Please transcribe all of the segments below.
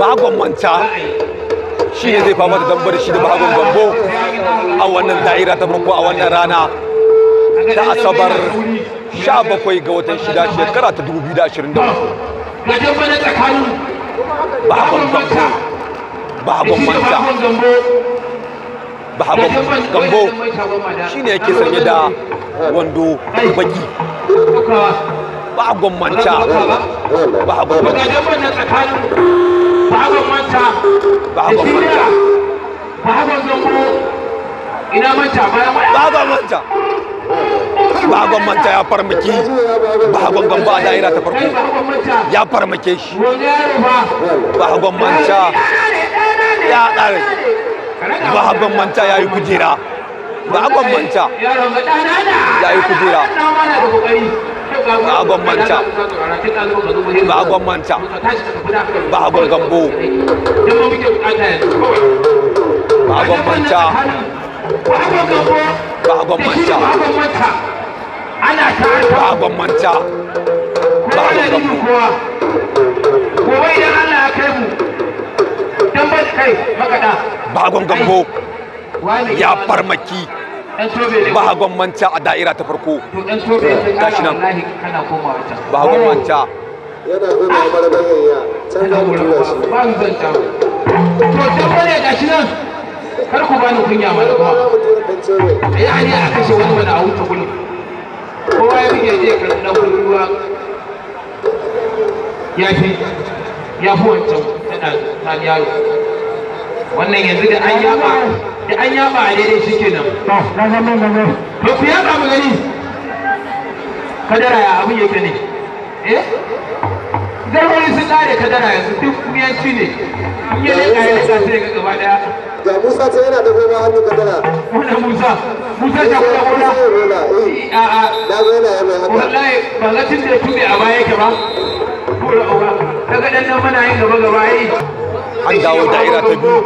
bagon shi ne zai fama da dambar shi da bagon gambo a wannan da'ira ta farko a wannan rana ta asabar 17 ga watan shida shekara ta 2024 bagon gambo bagon manta Habab gambo shine yake sanye da wando baki ba a gwammanca ba a ba a ba a gwammanca ba a gwammanca ba a ba bagon ya farmaki bagon gamba a daira ta farko ya farmake shi ba manta ya ɗare ba a bambanta ya yi kujera ba a bambanta ya yi kujera ba a bambanta ba a bambanta ba a gwargambo ba a bambanta ba a bambanta ba a bambanta ba a gwargambo bahagon gambo ya farmaki bahagon manta a da'ira ta farko gashi nan bahagon manta yana zama mara bayayya can za mu tura shi ba mu zanta to dan bane gashi nan kar ku bani kunya ma da kuma ya ne a kashe wani wani a wuta gudu kowa ya rike je ka dan gudu ruwa ya fi ya fi wancan tana ta yaro wannan yanzu da an yaba da an yaba a daidai shi kenan to ku yaba mu gani kadara ya abin yake ne eh garwari sun kare kadara yanzu duk kuyanci ne in yi leƙa ya leƙa sai ga gaba daya ga musa ce yana da goma hannu kadara wanda musa musa ta kula kula a a da gona yana mai haka wallahi ba ga tun da tube a baya yake ba ko da uwa daga dan nan muna yin gaba gaba eh. yi an dawo da'ira ta biyu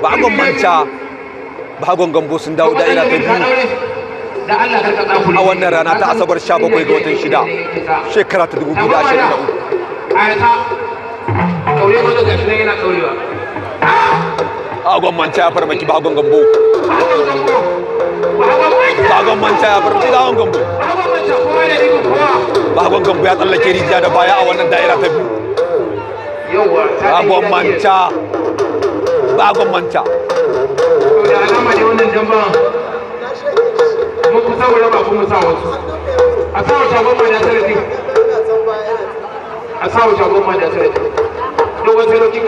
ba a manta ba gambo sun dawo da'ira ta biyu a wannan rana ta asabar 17 ga watan shida shekara ta 2023 agon manta ya farmaki bagon gambo bagon manta ya farmaki bagon gambo bagon gambo ya tsallake rijiya da baya a wannan da'ira ta biyu agwamanta ba agwamanta to da alama ne wannan jamba wasu a sa da a sa da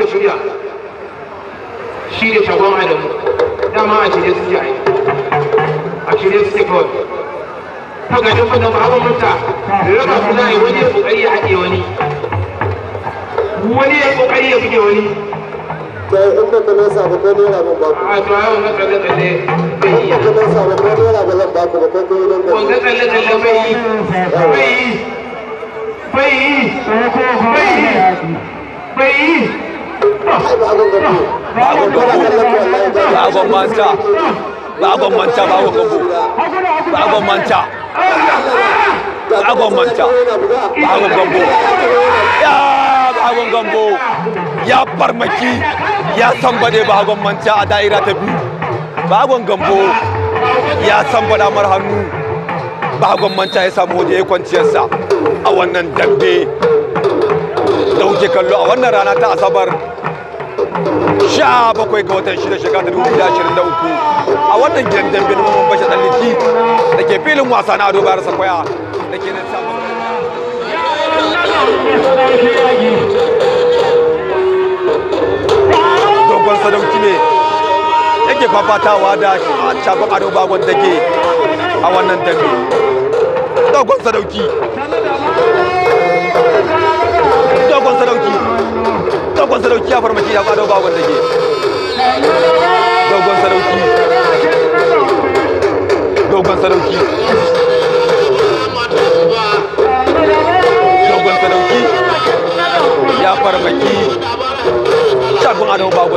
shirya shagon adamu dama a suke a suke kawai ta gajin fadon ba abin mutta raba a yi wani haɗe wani wani ya kokari ya buge wani to in ba kana sa ba ko naira ban ba ku a to ai wannan kalle kalle bai yi ba kana sa ba ko naira ba zan ba ku ba ko ko idan ba wannan kalle kalle bai yi bai yi bai yi bai yi bai yi ba a gwamnata ba a gwamnata ba a gwamnata ba a gwamnata ba a gwamnata ba a gwamnata hagon gambo ya farmaki ya sambade hagon manta a da'ira ta biyu hagon gambo ya sambada mar hannu hagon manta ya samu waje ya kwanciyarsa a wannan dambe da kuke kallo a wannan rana ta asabar sha bakwai ga watan shida shekara ta dubu da ashirin da uku a wannan gidan dambe na mamman da ke filin wasa na ado bayar sakwaya da ke nan samun dogon sadauki ne yake fafatawa da shagon ado bagon dage a wannan dambe dogon sadauki dogon sadauki dogon sadauki ya farmaki ya ado bagon dage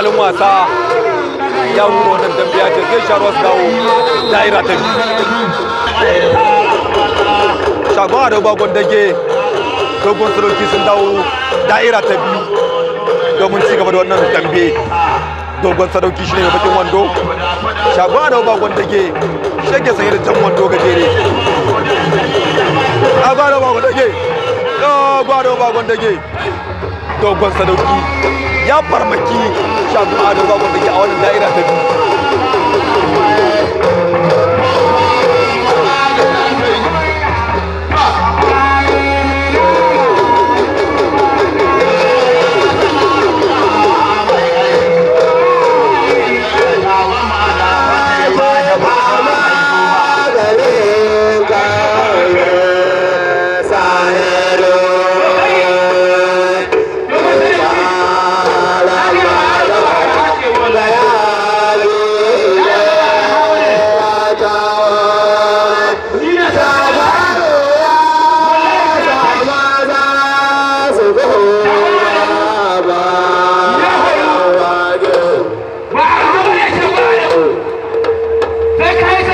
Salin wasa ya hura wannan dambe ce zai sharuwa su dawo daira ta biyu shagon adogon dage dogon suloki sun dawo daira ta biyu domin ci gaba da wannan dambe dogon sadauki shine mai bakin wando shagon adogon dage shege sanye da jan wando gajere ba adogon dage agon adogon dage dogon sadauki ya farmaki shafi ado zaɓar da ke a wannan da'ira ta biyu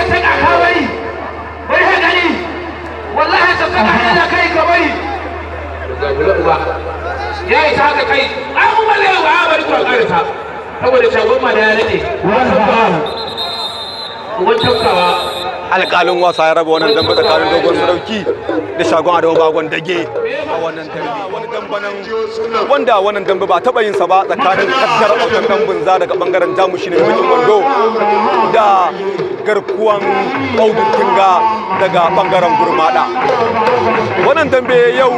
sassaka ka bari bari gani wallahi kai ka bari ya yi ta kai an bari saboda shagon ma da ya wani tafkawa alƙalin raba wannan damba tsakanin dogon sarauki da shagon bagon dage a wannan dambe wani dambanan wanda wannan dambe ba taɓa yinsa ba tsakanin kaddar autan dambun za daga bangaren jamushi ne mijin wando garkuwan ɗaudin tunga daga bangaren gurmada wannan dambe yau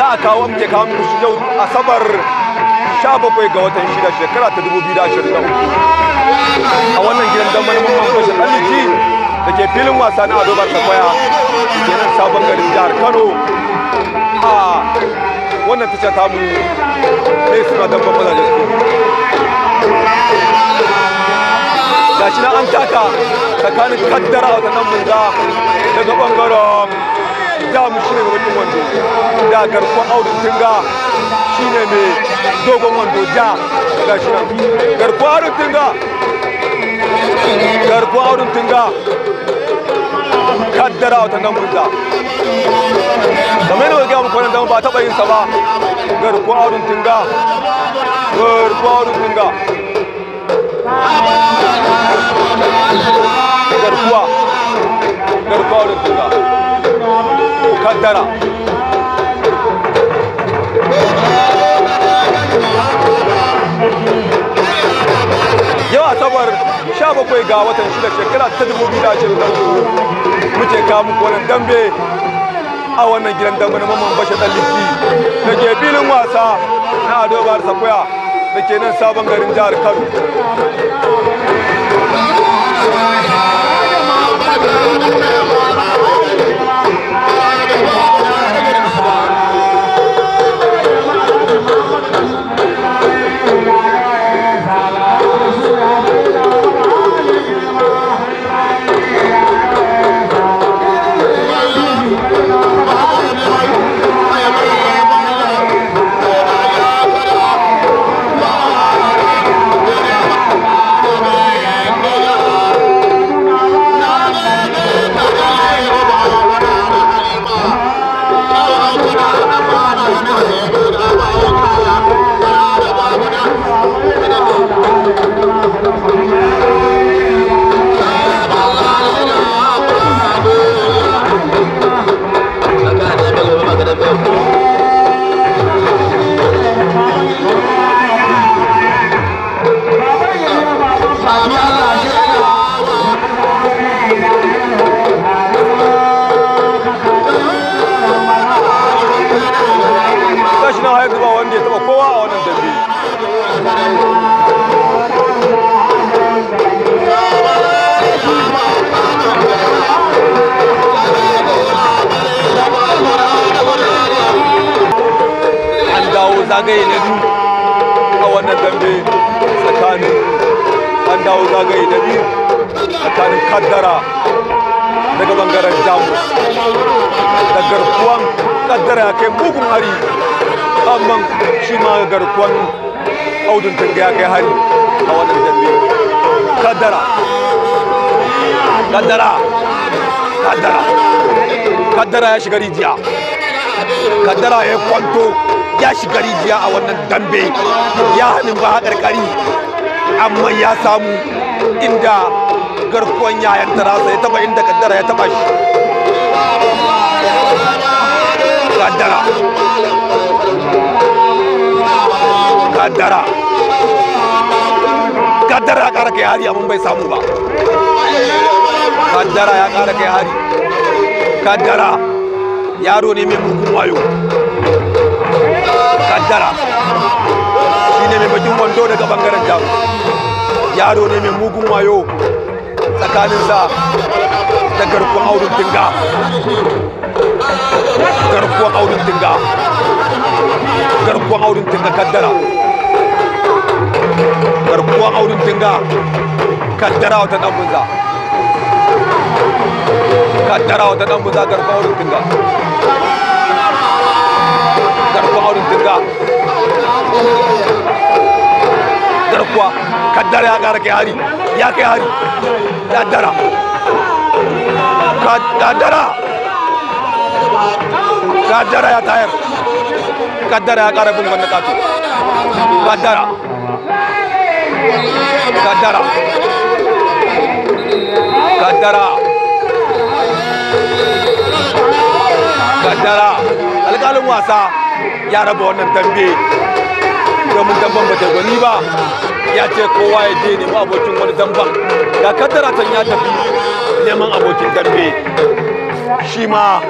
za a kawo muke kawo muku shi yau asabar 17 ga watan shida shekara ta 2023 a wannan gidan dambe na mamman kwashe ɗaliki da ke filin wasa na adobar takwaya kenan sabon garin jihar kano a wannan tace ta mu ne suna damban mazajen tsakanin kaddara a nan munza daga bangaren mu shi ne wajen wando da garkon audu tinga shi ne mai dogon wando da. ga shi nan garkon audu tinga garkon audu tunga kaddara wata nan munza kamar yadda muka kwanan dama ba taɓa yin sa ba garkon audu tinga. garkon audu tunga Thank you. garkuwa garkuwa da tuga mukaddara yau asabar 17 ga watan shida shekara ta 2024 muke kamun muku dambe a wannan gidan dambe na mamman bashe dan liki da ke filin wasa na adobar sakwaya da ke nan sabon garin jihar kano Brasil! zagaye da biyu tsakanin kaddara daga bangaren jamus da garkuwan kaddara ya kai bugun hari amma shi ma garkuwan audun tanga ya kai hari a wannan dambe kaddara kaddara kaddara kaddara ya shiga rijiya kaddara ya kwanto ya shiga rijiya a wannan dambe ya hannun ba haƙarƙari amma ya samu inda garkuwan yayan tarasa ya taba inda kaddara ya taba shi kaddara kaddara kaddara ya kara kai hari amma bai samu ba kaddara ya kara kai hari kaddara yaro ne mai mugun wayo kaddara ne mai bakin wando daga bangaren jamus yaro ne mai mugun wayo tsakaninsa da garkuwar auren Tinga. garkuwar auren Tinga. garkuwar auren Tinga kaddara garkuwar auren tinga kaddara wata dan bunza kaddara wata dan bunza garkuwar auren tinga garkuwar aurin dinga kaddara kuwa kaddara ya kara kai hari ya kai hari kaddara kaddara kaddara ya tayar kaddara ya kara bin wannan kato kaddara kaddara kaddara kaddara alƙalin wasa ya raba wannan tambaye domin damban ba ta gwani ba ya ce kowa ya je nemi abokin wani damba ga kaddara ta ya tafi neman abokin dambe shi ma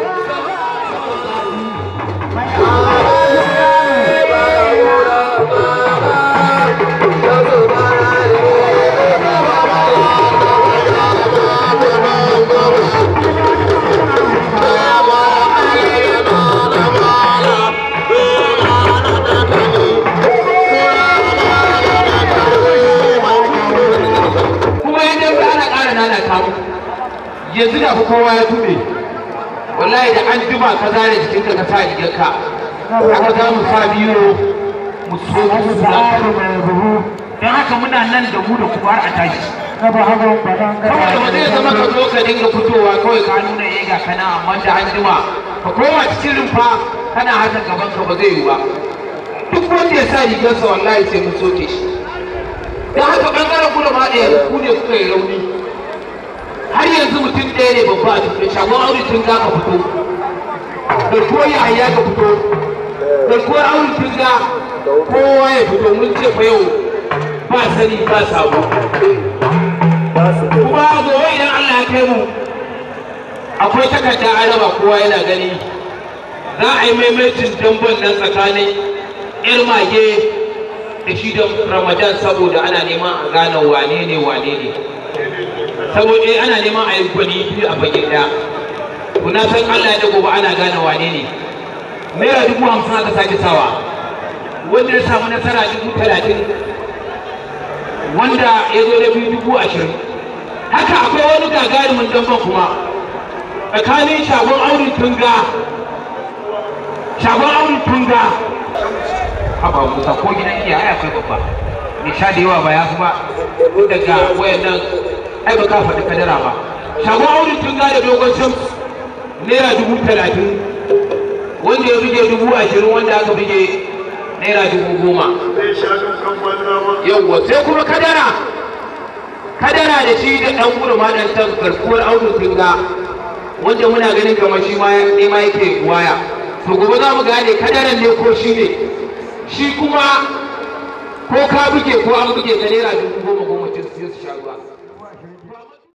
kuma za mu sa biyo mu so mu rubu don haka muna nan da mu da kuma har a tashi kawai ba zai zama ka zo ka dinga fitowa kawai ka nuna ya eh, ga kana amma da an jima ka koma cikin rumfa kana haka gaban ka ba zai yi ba duk wanda ya sa rigarsa wallahi sai mun soke shi don haka bangaren ku da ma ɗaya ku ne kuka yi rauni har yanzu mutum ɗaya ne babba a cikin shagon aure tun za ka fito da koya ya ka fito da ko an shiga kowa ya fito mun ce fa yau ba sani ba sabo kuma gobe idan Allah ya kai mu akwai takarda araba kowa yana gani za a yi maimaitin dambon nan tsakanin irmage da shi da ramadan saboda ana neman a gane wane ne wane ne saboda ana neman a yi gwani biyu a bagin ɗaya kuna san allah da gobe ana gane wane ne naira dubu hamsin aka sake sawa wanda ya samu nasara dubu talatin wanda ya zo da biyu dubu ashirin haka akwai wani gagarumin damban kuma tsakanin shagon auren tunga shagon auren tunga haba musa ko gidan iya a'ya kai babba ni sha da yawa ba ya fi ba daga wayannan ai ba ka faɗi kadara ba shagon auren tunga da dogon shams naira dubu talatin wanda ya buge dubu ashirin wanda aka buge naira dubu goma yawwa sai kuma kadara kadara da shi da ɗan gudu ma ɗan tan garkuwar auto tinga wanda muna ganin kamar shi ma yake waya to gobe za mu gane kadaran ne ko shi ne shi kuma ko ka buge ko an buge ka naira dubu goma goma